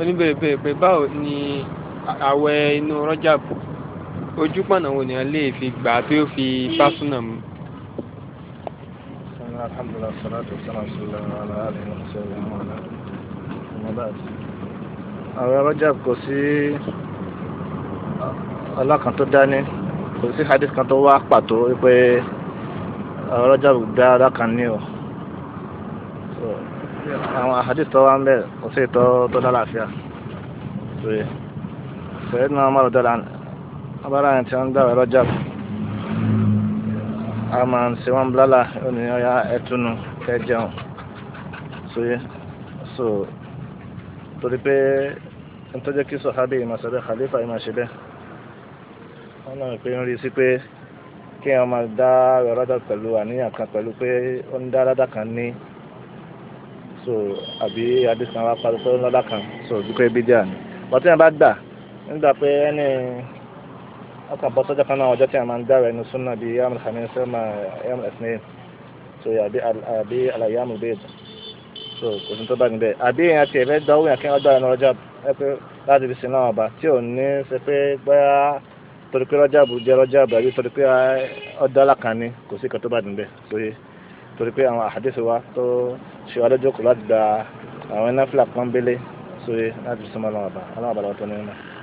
oníbèrèbèrè pé báwo ni àwẹ̀ inú Rajab ojú pọ̀nà wo nìyẹn lè fi gbà tí ó fi pásúnà mu. alhamdulilah salatu salamula ala alihi wa sallam ala muhammad àwẹ̀ Rajab kò sí alákan tó dání kò sí hadith kan tó wá pàtó pé àwẹ̀ Rajab dá alákan ní o àwọn àhàdì tó wá ń bẹ̀ kò sí ìtọ́ tó dá láàfíà pé sẹ́yìn náà má lọ dára abára yẹn tí wọ́n ń gbà wẹ́rọ jáàbù a máa ń ṣe wọ́n blála ènìyàn ya ẹ̀túnu kẹ́ jẹun so torí pé nítorí kí sọ̀hábì ìmọ̀sọ̀rẹ́ khalifa ìmọ̀ṣẹ́ bẹ́ẹ̀ wọ́n náà pé ń rí sí pé kí wọ́n máa dá wẹ́rọ jáàbù pẹ̀lú àníyàn kan pẹ̀lú pé ó ń dá ládàkàn ní so àbí adésanwó apàdésọ lọ́dà kan so dúpẹ́ bídíà ni bọ́tí yẹn bá gbà nígbà pé ẹni ọkàn bọ́ sọ́jọ́ kan náà ọjọ́ tí a máa ń dára ẹnu súnà bíi yam alhamis sẹ́mà yam ẹ̀sìn so àbí alayamu bẹ́ẹ̀d so kò sí tó bá níbẹ̀ àbí èèyàn tiẹ̀ fẹ́ dánwó yẹn kí wọ́n dára ẹnu ọjọ́ pé láti fi sin náà ọba tí ò ní ṣe pé bóyá torí pé rọ́jà bù jẹ́ rọ́jà bù àbí torí pé ọ̀dọ́ alákànni kò sí ìkan bá níbẹ̀ sóye. So, torí pé àwọn àhàdísì wa tó ṣe wá lójókòó láti gba àwọn náfìlà pọ́nbélé sóye láti súnmọ́ ọlọ́run àbá ọlọ́run àbá lọ́wọ́ náà.